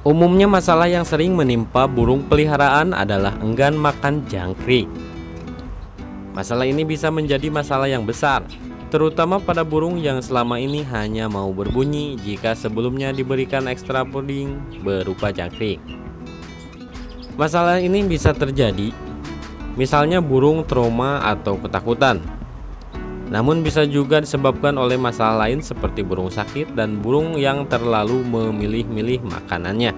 Umumnya masalah yang sering menimpa burung peliharaan adalah enggan makan jangkrik. Masalah ini bisa menjadi masalah yang besar, terutama pada burung yang selama ini hanya mau berbunyi jika sebelumnya diberikan ekstra puding berupa jangkrik. Masalah ini bisa terjadi, misalnya burung trauma atau ketakutan namun bisa juga disebabkan oleh masalah lain seperti burung sakit dan burung yang terlalu memilih-milih makanannya.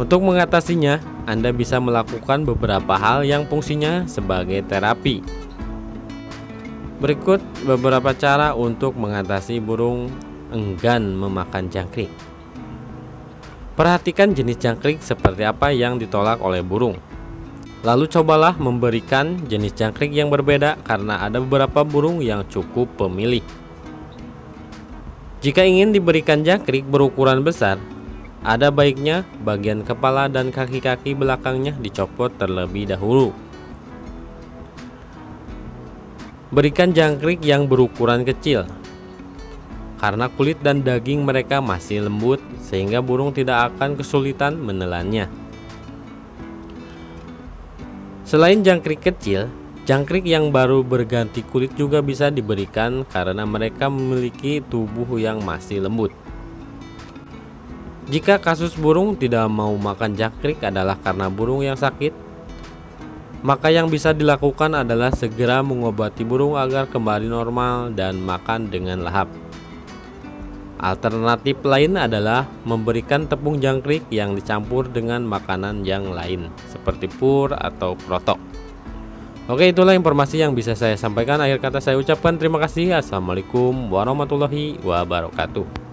Untuk mengatasinya, Anda bisa melakukan beberapa hal yang fungsinya sebagai terapi. Berikut beberapa cara untuk mengatasi burung enggan memakan jangkrik. Perhatikan jenis jangkrik seperti apa yang ditolak oleh burung. Lalu cobalah memberikan jenis jangkrik yang berbeda karena ada beberapa burung yang cukup pemilih. Jika ingin diberikan jangkrik berukuran besar, ada baiknya bagian kepala dan kaki-kaki belakangnya dicopot terlebih dahulu. Berikan jangkrik yang berukuran kecil karena kulit dan daging mereka masih lembut sehingga burung tidak akan kesulitan menelannya. Selain jangkrik kecil, jangkrik yang baru berganti kulit juga bisa diberikan karena mereka memiliki tubuh yang masih lembut. Jika kasus burung tidak mau makan jangkrik adalah karena burung yang sakit, maka yang bisa dilakukan adalah segera mengobati burung agar kembali normal dan makan dengan lahap. Alternatif lain adalah memberikan tepung jangkrik yang dicampur dengan makanan yang lain seperti pur atau protok. Oke itulah informasi yang bisa saya sampaikan. Akhir kata saya ucapkan terima kasih. Assalamualaikum warahmatullahi wabarakatuh.